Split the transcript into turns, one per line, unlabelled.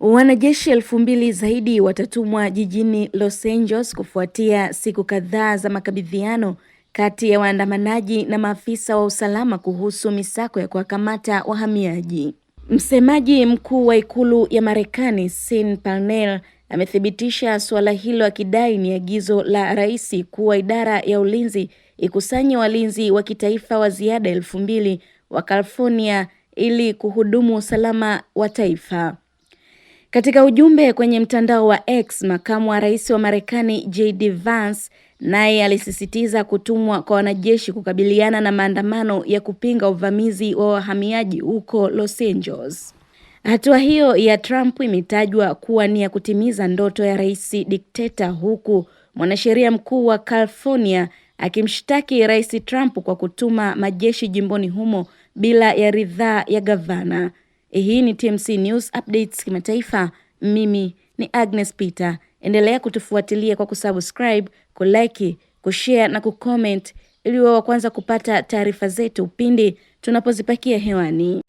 Wanajeshi elfu mbili zaidi watatumwa jijini Los Angeles kufuatia siku kadhaa za makabidhiano kati ya waandamanaji na maafisa wa usalama kuhusu misako ya kuwakamata wahamiaji. Msemaji mkuu wa ikulu ya Marekani Sean Parnell amethibitisha suala hilo akidai ni agizo la rais kuwa idara ya ulinzi ikusanye walinzi wa kitaifa wa ziada elfu mbili wa California ili kuhudumu usalama wa taifa. Katika ujumbe kwenye mtandao wa X, makamu wa rais wa Marekani JD Vance naye alisisitiza kutumwa kwa wanajeshi kukabiliana na maandamano ya kupinga uvamizi wa wahamiaji huko Los Angeles. Hatua hiyo ya Trump imetajwa kuwa ni ya kutimiza ndoto ya rais dikteta, huku mwanasheria mkuu wa California akimshtaki rais Trump kwa kutuma majeshi jimboni humo bila ya ridhaa ya gavana. Eh, hii ni TMC News Updates kimataifa. Mimi ni Agnes Peter. Endelea kutufuatilia kwa kusubscribe, kulike, kushare na kucomment ili wa kwanza kupata taarifa zetu pindi tunapozipakia hewani.